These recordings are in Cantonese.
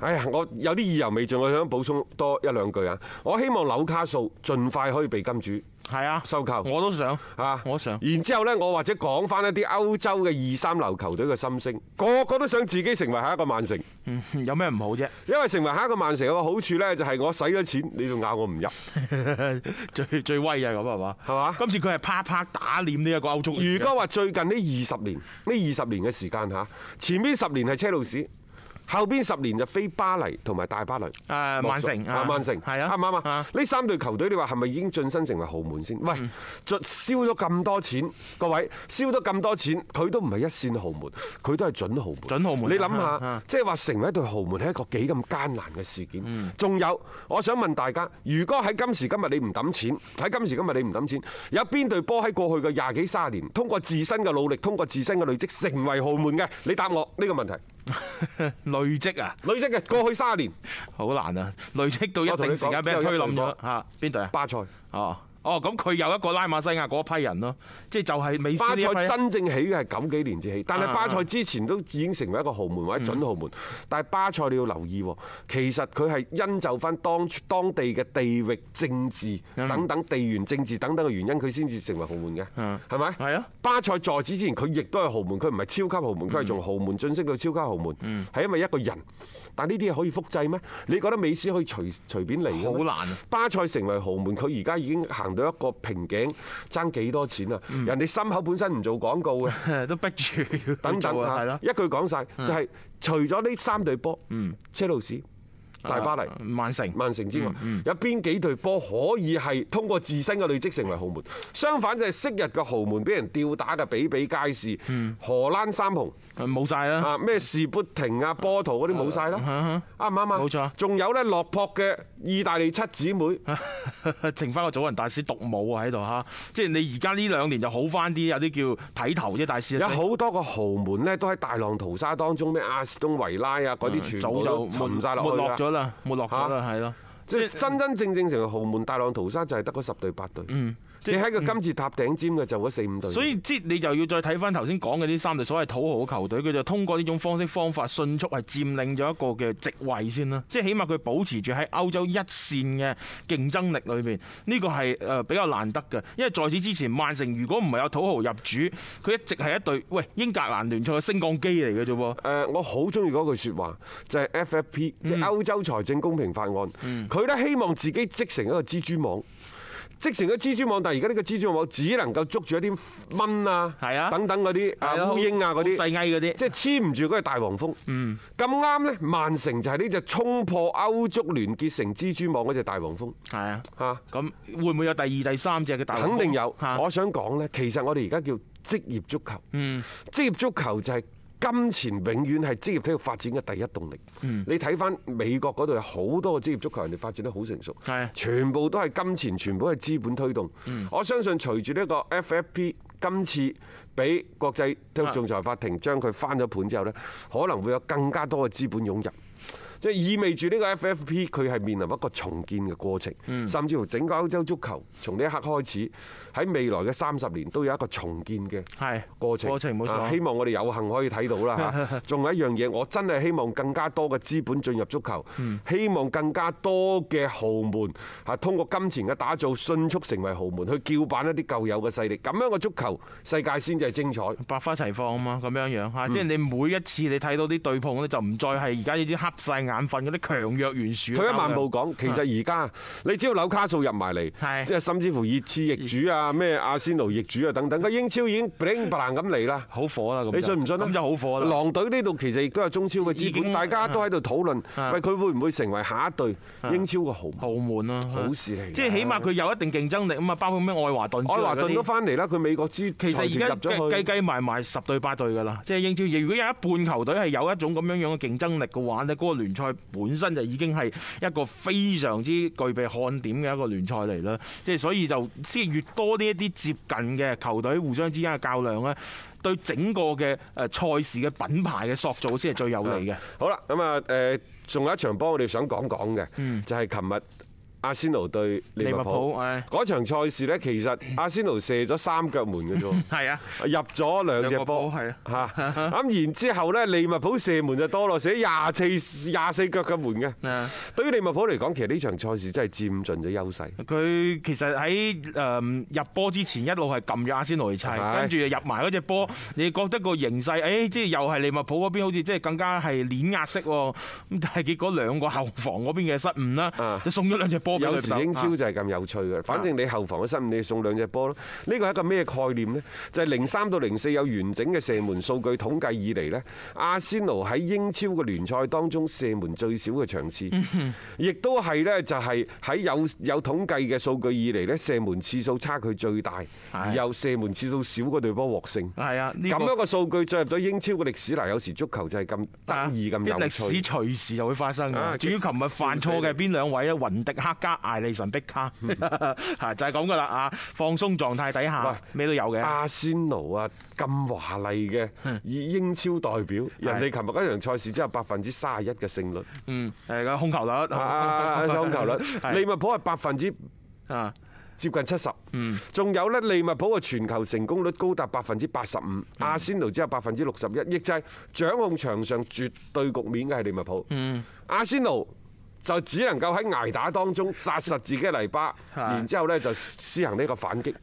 哎呀，我有啲意猶未盡，我想補充多一兩句啊！我希望紐卡素盡快可以被金主收購，我都想啊，我想。的我想然之後呢，我或者講翻一啲歐洲嘅二三流球隊嘅心聲，個，個個都想自己成為下一個曼城、嗯。有咩唔好啫？因為成為下一個曼城嘅好處呢就係我使咗錢，你仲咬我唔入， 最最威啊！咁係嘛？係嘛吧？今次佢係啪啪打臉呢一個歐足聯。如果話最近呢二十年，呢二十年嘅時間嚇，前面十年係車路士。後邊十年就飛巴黎同埋大巴黎，誒，曼城，曼城係啊，啱唔啱啊？呢三隊球隊，你話係咪已經晉身成為豪門先？喂，就燒咗咁多錢，各位燒咗咁多錢，佢都唔係一線豪門，佢都係準豪門。準豪門，你諗下，即係話成為一隊豪門係一個幾咁艱難嘅事件。仲、嗯、有，我想問大家，如果喺今時今日你唔抌錢，喺今時今日你唔抌錢，有邊隊波喺過去嘅廿幾三十年，通過自身嘅努力，通過自身嘅累積成為豪門嘅？你答我呢、這個問題。 累積啊嗎！累積嘅過去三年，好難啊！累積到一定時間俾人推冧咗吓，邊隊啊？巴塞賽哦。哦，咁佢有一個拉馬西亞嗰批人咯，即係就係美斯。巴塞真正起係九幾年至起，但係巴塞之前都已經成為一個豪門或者準豪門。嗯、但係巴塞你要留意，其實佢係因就翻當當地嘅地域政治等等、地緣政治等等嘅原因，佢先至成為豪門嘅。嗯吧，係咪？係啊。巴塞在此之前佢亦都係豪門，佢唔係超級豪門，佢係從豪門晉升到超級豪門，係、嗯、因為一個人。但呢啲係可以複製咩？你覺得美斯可以隨隨便嚟好難、啊。巴塞成為豪門，佢而家已經行到一個瓶頸，爭幾多錢啊？人哋心口本身唔做廣告嘅， 都逼住着等等啊，係咯，一句講晒，就係、係、除咗呢三隊波，嗯，車路士。大巴黎、曼城、啊、曼城之外，嗯嗯、有邊幾隊波可以係通過自身嘅累積成為豪門？相反就係昔日嘅豪門俾人吊打嘅比比皆是。嗯、荷蘭三雄冇晒啦，咩士砵亭啊、波圖嗰啲冇晒啦，啱唔啱啊？冇、啊啊、錯、啊，仲有咧落魄嘅意大利七姊妹，啊、剩翻個祖雲大師獨舞喺度嚇。即係你而家呢兩年就好翻啲，有啲叫睇頭啫，大師。嗯、所以 有好多個豪門呢，都喺大浪淘沙當中，咩阿斯頓維拉啊嗰啲全部都沉晒落去。冇落咗啦、啊，係咯，即係真真正正成個豪門大浪淘沙，就係得嗰十隊八隊。嗯你喺個金字塔頂尖嘅就嗰四五隊，所以即你就要再睇翻頭先講嘅呢三隊所謂土豪嘅球隊，佢就通過呢種方式方法，迅速係佔領咗一個嘅席位先啦。即係起碼佢保持住喺歐洲一線嘅競爭力裏面，呢個係誒比較難得嘅，因為在此之前，曼城如果唔係有土豪入主，佢一直係一隊喂英格蘭聯賽嘅升降機嚟嘅啫噃。誒，我好中意嗰句説話，就係、是、FFP，即係歐洲財政公平法案，佢都、嗯、希望自己織成一個蜘蛛網。織成個蜘蛛網，但係而家呢個蜘蛛網只能夠捉住一啲蚊啊，等等嗰啲啊，的烏蠅啊嗰啲，細蟻嗰啲，即係黐唔住嗰隻大黃蜂。嗯，咁啱咧，曼城就係呢隻衝破歐足聯結成蜘蛛網嗰隻大黃蜂。係的啊，吓咁會唔會有第二、第三隻嘅大黃蜂？肯定有。我想講咧，其實我哋而家叫職業足球。嗯，職業足球就係、是。金錢永遠係職業體育發展嘅第一動力。你睇翻美國嗰度有好多個職業足球，人哋發展得好成熟，全部都係金錢，全部係資本推動。我相信隨住呢個 FFP 今次俾國際體育仲裁法庭將佢翻咗盤之後呢，可能會有更加多嘅資本湧入。即係意味住呢個 FFP 佢係面臨一個重建嘅過程，甚至乎整個歐洲足球從呢一刻開始喺未來嘅三十年都有一個重建嘅過程。過程冇錯，希望我哋有幸可以睇到啦。嚇，仲有一樣嘢，我真係希望更加多嘅資本進入足球，希望更加多嘅豪門啊通過金錢嘅打造，迅速成為豪門去叫板一啲舊有嘅勢力，咁樣嘅足球世界先至係精彩，百花齊放啊嘛，咁樣樣嚇，即係你每一次你睇到啲對碰咧，就唔再係而家呢啲黑曬眼。眼瞓嗰啲強弱懸殊。退一萬步講，其實而家你只要紐卡素入埋嚟，是 即係甚至乎熱刺易主啊，咩阿仙奴易主啊等等。個英超已經 bling bling 咁嚟啦，好火啦。你信唔信啊？咁就好火啦。狼隊呢度其實亦都有中超嘅資本，大家都喺度討論，喂佢會唔會成為下一隊英超嘅豪門豪門啊？好事嚟，即係起碼佢有一定競爭力㗎嘛。包括咩愛華頓，愛華頓都翻嚟啦。佢美國資，其實而家計計埋埋十隊八隊噶啦。即係英超，如果有一半球隊係有一種咁樣樣嘅競爭力嘅話咧，嗰個聯賽。佢本身就已經係一個非常之具備看點嘅一個聯賽嚟啦，即係所以就即係越多呢一啲接近嘅球隊互相之間嘅較量咧，對整個嘅誒賽事嘅品牌嘅塑造先係最有利嘅。好啦，咁啊誒仲有一場波我哋想講講嘅，嗯，就係琴日。阿仙奴對利物浦嗰場賽事呢，其實阿仙奴射咗三腳門嘅啫喎，係啊，入咗兩隻波，係啊，嚇咁然之後呢，利物浦射門就多咯，射咗廿四廿四腳嘅門嘅。對於利物浦嚟講，其實呢場賽事真係佔盡咗優勢。佢其實喺誒入波之前一路係撳住阿仙奴去砌，跟住入埋嗰隻波，你覺得個形勢，誒，即係又係利物浦嗰邊好似即係更加係碾壓式喎。咁但係結果兩個後防嗰邊嘅失誤啦，就送咗兩隻波。有時英超就係咁有趣嘅，反正你後防嘅失誤，你送兩隻波咯。呢個係一個咩概念呢？就係零三到零四有完整嘅射門數據統計以嚟呢，阿仙奴喺英超嘅聯賽當中射門最少嘅場次是是，亦都係呢，就係喺有有統計嘅數據以嚟呢，射門次數差距最大，由射門次數少嗰隊波獲勝。係啊，咁、這個、樣嘅數據進入咗英超嘅歷史嗱。有時足球就係咁得意咁有趣。啲歷史隨時又會發生嘅。啊，主要琴日犯錯嘅邊兩位啊？雲迪克。加艾利神逼卡，就係咁噶啦啊！放鬆狀態底下，咩都有嘅。阿仙奴啊，咁華麗嘅以英超代表，人哋琴日嗰場賽事只有百分之三十一嘅勝率。嗯，誒個控球率控空球率是的 利。利物浦係百分之啊接近七十。嗯，仲有咧，利物浦嘅傳球成功率高達百分之八十五。嗯，阿仙奴只有百分之六十一，亦即係掌控場上絕對局面嘅係利物浦。嗯，阿仙奴。就只能夠喺捱打當中紮實自己嘅泥巴， 然之後呢就施行呢個反擊，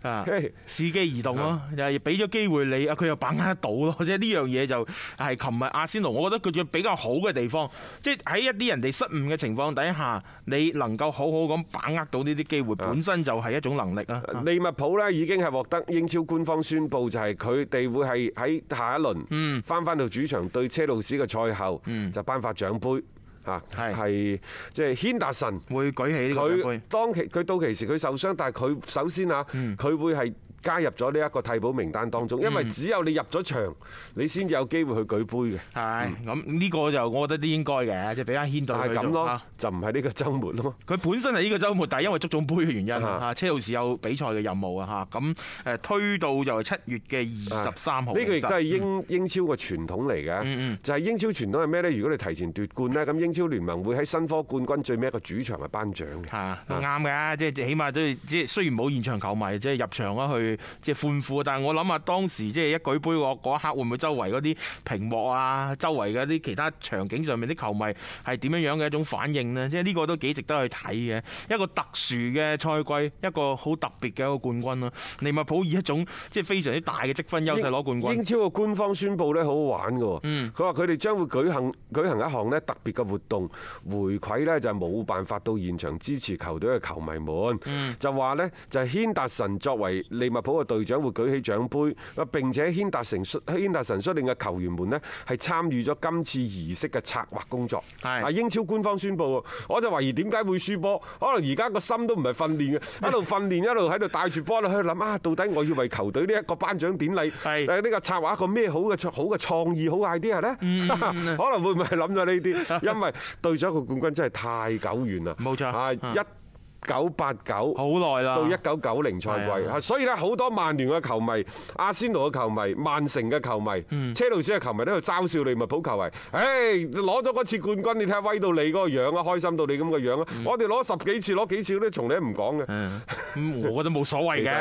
伺 機移動咯。的又係俾咗機會你，佢又把握得到咯。即係呢樣嘢就係琴日阿仙奴，我覺得佢最比較好嘅地方，即係喺一啲人哋失誤嘅情況底下，你能夠好好咁把握到呢啲機會，的本身就係一種能力啊的！利物浦呢已經係獲得英超官方宣布，就係佢哋會係喺下一輪翻翻到主場對車路士嘅賽後，就頒發獎杯。的吓，係，即係，軒達臣會舉起佢當其佢到期時佢受傷，但係佢首先啊，佢會係。加入咗呢一個替補名單當中，因為只有你入咗場，你先至有機會去舉杯嘅、嗯。係，咁呢個就我覺得都應該嘅，即係比較牽、啊、就咁咯，就唔係呢個周末咯。佢本身係呢個周末，但係因為足總杯嘅原因，嚇是、啊、車路士有比賽嘅任務啊嚇。咁誒推到就係七月嘅二十三號。呢、呢個亦都係英、嗯、英超嘅傳統嚟嘅，嗯、就係英超傳統係咩咧？如果你提前奪冠呢，咁英超聯盟會喺新科冠軍最尾一個主場係頒獎。嘅、嗯。啱嘅，即係起碼都即係雖然冇現場球迷，即係入場啦去。即係歡呼，但係我諗下當時即係一舉杯嗰一刻，會唔會周圍嗰啲屏幕啊，周圍嗰啲其他場景上面啲球迷係點樣樣嘅一種反應咧？即係呢個都幾值得去睇嘅，一個特殊嘅賽季，一個好特別嘅一個冠軍咯。利物浦以一種即係非常之大嘅積分優勢攞冠軍。英超嘅官方宣布咧，好好玩嘅，佢話佢哋將會舉行舉行一項咧特別嘅活動，回饋咧就係冇辦法到現場支持球隊嘅球迷們，嗯、就話咧就係軒達臣作為利物普個隊長會舉起獎杯，啊，並且軒達臣、軒達臣率領嘅球員們呢係參與咗今次儀式嘅策劃工作。係啊，英超官方宣布，我就懷疑點解會輸波，可能而家個心都唔係訓練嘅，一路訓練一路喺度帶住波咧去諗啊，到底我要為球隊呢一個頒獎典禮係呢個策劃一個咩好嘅創好嘅創意好 idea 呢？可能會唔會諗咗呢啲，因為隊長個冠軍真係太久遠啦。冇錯啊！一九八九好耐啦，到一九九零賽季，所以咧好多曼聯嘅球迷、阿仙奴嘅球迷、曼城嘅球迷、車路士嘅球迷都喺度嘲笑利物浦球迷。誒，攞咗嗰次冠軍，你睇下威到你嗰個樣啦，開心到你咁嘅樣啊。我哋攞十幾次，攞幾次都從你唔講嘅，我覺得冇所謂嘅。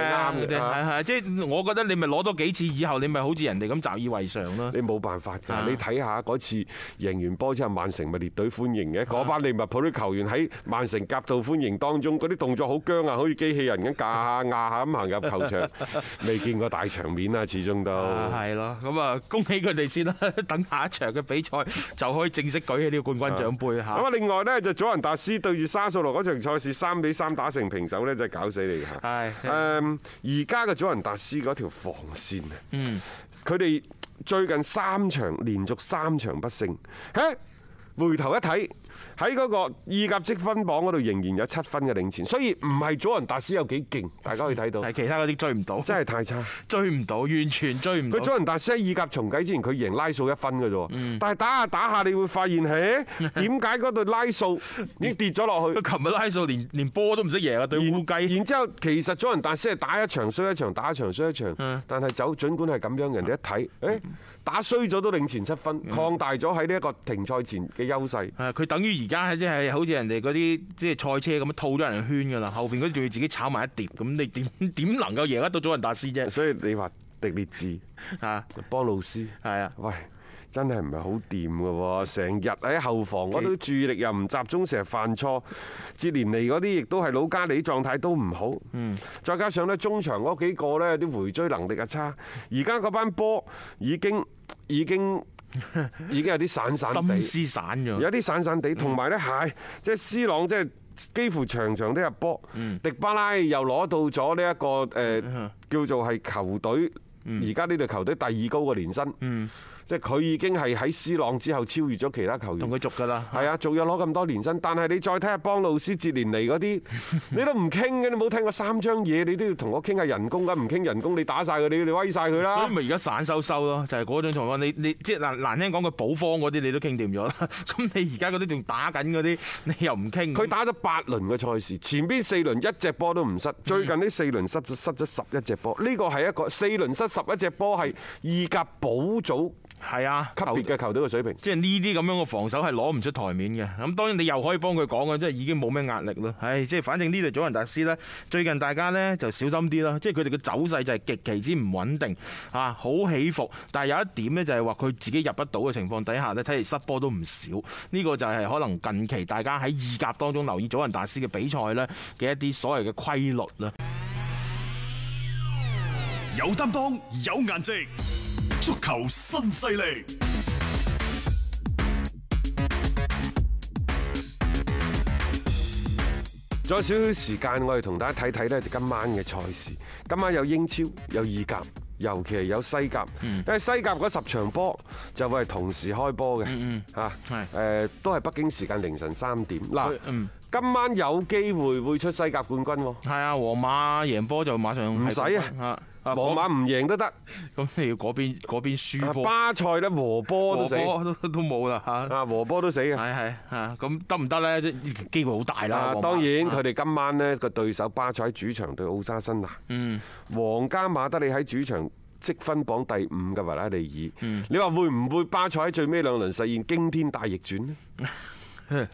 啱，即係我覺得你咪攞多幾次，以後你咪好似人哋咁習以為常咯。你冇辦法嘅，你睇下嗰次贏完波之後，曼城咪列隊歡迎嘅嗰班利物浦啲球員喺曼城夾道歡迎當中。嗰啲動作好僵啊，好似機器人咁架下壓下咁行入球場，未見過大場面啊！始終都係咯，咁啊，恭喜佢哋先啦，等下一場嘅比賽就可以正式舉起呢個冠軍獎杯嚇。咁啊，另外咧就祖雲達斯對住沙索羅嗰場賽事三比三打成平手咧，真係搞死你嚇！係誒，而家嘅祖雲達斯嗰條防線啊，嗯，佢哋最近三場連續三場不勝，嚇，回頭一睇。喺嗰個意甲積分榜嗰度仍然有七分嘅領前，所以唔係祖雲達斯有幾勁，大家可以睇到。係其他嗰啲追唔到，真係太差，追唔到，完全追唔到。佢祖雲達斯喺意甲重啟之前，佢贏拉素一分嘅啫。嗯，但係打下打下，你會發現，嘿，點解嗰對拉素已經跌咗落去？佢琴日拉素連連波都唔識贏啊，對烏雞。然之後其實祖雲達斯係打一場衰一場，打一場衰一場。嗯。但係走儘管係咁樣，人哋一睇，誒，打衰咗都領前七分，擴大咗喺呢一個停賽前嘅優勢。係，佢等。於而家即係好似人哋嗰啲即係賽車咁樣套咗人圈噶啦，後邊嗰啲仲要自己炒埋一碟，咁你點點能夠贏得到祖雲達斯啫？所以你話迪列治吓波路斯係啊？喂，真係唔係好掂噶，成日喺後防我都注意力又唔集中，成日犯錯。哲連尼嗰啲亦都係老加里狀態都唔好。嗯，再加上咧中場嗰幾個咧啲回追能力又差，而家嗰班波已經已經。已經已經有啲散散地，散有啲散散地，同埋咧蟹，斯即係 C 朗，即係幾乎場場都入波。迪巴拉又攞到咗呢一個誒，叫做係球隊而家呢隊球隊第二高嘅年薪。嗯即係佢已經係喺斯朗之後超越咗其他球員，同佢續㗎啦。係啊，仲要攞咁多年薪。但係你再睇下邦魯斯接連嚟嗰啲，你都唔傾嘅。你冇聽過三張嘢？你都要同我傾下人工㗎。唔傾人工，你打曬佢，你你威曬佢啦。所以咪而家散收收咯，就係嗰種情況。你你即係難難聽講佢補鋒嗰啲，你都傾掂咗啦。咁你而家嗰啲仲打緊嗰啲，你又唔傾？佢打咗八輪嘅賽事，前邊四輪一隻波都唔失，最近呢四輪失失咗十一隻波。呢個係一個四輪失十一隻波係意甲補組。係啊，級別嘅球隊嘅水平，即係呢啲咁樣嘅防守係攞唔出台面嘅。咁當然你又可以幫佢講嘅，即係已經冇咩壓力咯。唉，即係反正呢隊祖雲達斯呢，最近大家呢就小心啲啦。即係佢哋嘅走勢就係極其之唔穩定啊，好起伏。但係有一點呢，就係話佢自己入不到嘅情況底下呢，睇嚟失波都唔少。呢個就係可能近期大家喺意甲當中留意祖雲達斯嘅比賽呢嘅一啲所謂嘅規律啦。有擔當，有顏值。足球新勢力，再少少時間，我哋同大家睇睇咧，今晚嘅賽事。今晚有英超，有意甲，尤其係有西甲。因為西甲嗰十場波就會係同時開波嘅。吓誒，都係北京時間凌晨三點。嗱，今晚有機會會出西甲冠軍。係、嗯、啊，皇馬贏波就馬上唔使啊。啊，皇馬唔贏都得，咁你要嗰邊嗰邊輸巴塞咧，和波都死，都都冇啦吓，啊和波都死嘅，係係吓，咁得唔得咧？機會好大啦。當然，佢哋今晚呢個對手巴塞主場對奧沙辛拿，嗯，皇家馬德里喺主場積分榜第五嘅維拉利爾，嗯，你話會唔會巴塞喺最尾兩輪實現驚天大逆轉咧？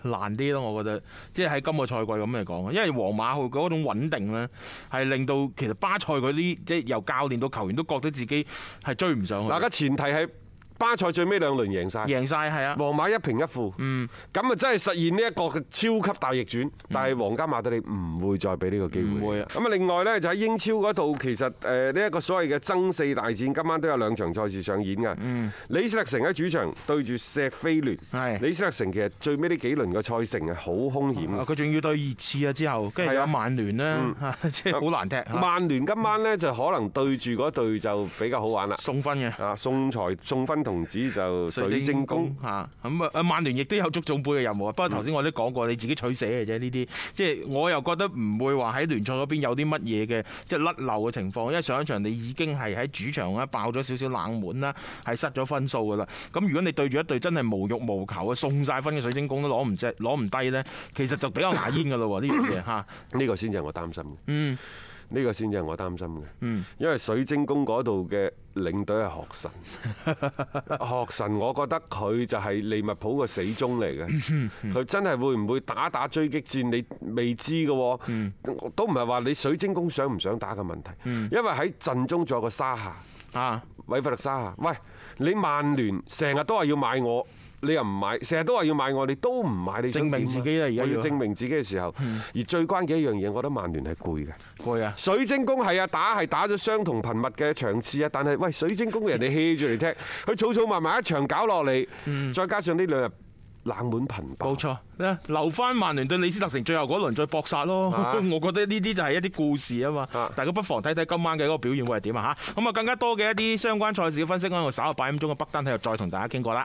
難啲咯，我覺得，即係喺今個賽季咁嚟講，因為皇馬佢嗰種穩定咧，係令到其實巴塞嗰啲，即係由教練到球員都覺得自己係追唔上。嗱，個前提係。巴塞最尾兩輪贏晒，贏晒係啊！皇馬一平一負，嗯，咁啊真係實現呢一個嘅超級大逆轉。但係皇家馬德里唔會再俾呢個機會，唔會啊！咁啊，另外呢，就喺英超嗰度，其實誒呢一個所謂嘅爭四大戰，今晚都有兩場賽事上演㗎。李斯特城喺主場對住石飛聯，係。李斯特城其實最尾呢幾輪嘅賽程係好兇險。佢仲要對熱刺啊之後，跟住有曼聯呢，即係好難踢。曼聯今晚呢，就可能對住嗰隊就比較好玩啦，送分嘅啊，送財送分。童子就水晶宮嚇，咁啊啊，曼聯亦都有足總杯嘅任務啊。不過頭先我都講過，嗯、你自己取捨嘅啫呢啲。即係我又覺得唔會話喺聯賽嗰邊有啲乜嘢嘅，即係甩漏嘅情況。因為上一場你已經係喺主場爆咗少少冷門啦，係失咗分數噶啦。咁如果你對住一隊真係無欲無求啊，送晒分嘅水晶宮都攞唔攞唔低呢，其實就比較牙煙噶啦喎呢樣嘢嚇。呢 個先至係我擔心嗯。呢個先至係我擔心嘅，因為水晶宮嗰度嘅領隊係學神，學神我覺得佢就係利物浦個死忠嚟嘅，佢真係會唔會打打追擊戰？你未知嘅喎，都唔係話你水晶宮想唔想打嘅問題，因為喺陣中仲有個沙夏，韋弗勒沙夏，喂，你曼聯成日都話要買我。你又唔買，成日都話要買，我哋都唔買。你證明自己啦，啊，而家對吧 要證明自己嘅時候，的而最關鍵一樣嘢，我覺得曼聯係攰嘅，攰啊的！水晶宮係啊，打係打咗相同頻密嘅場次啊，但係喂水晶宮嘅人哋 hea 住嚟踢，佢草草埋埋，一場搞落嚟，的再加上呢兩日冷門頻爆，冇錯咧，留翻曼聯對李斯特城最後嗰輪再搏殺咯。的 我覺得呢啲就係一啲故事啊嘛，大家不妨睇睇今晚嘅嗰個表現會係點啊嚇。咁啊的，更加多嘅一啲相關賽事嘅分析，我喺度稍後八點鐘嘅北單體又再同大家傾過啦。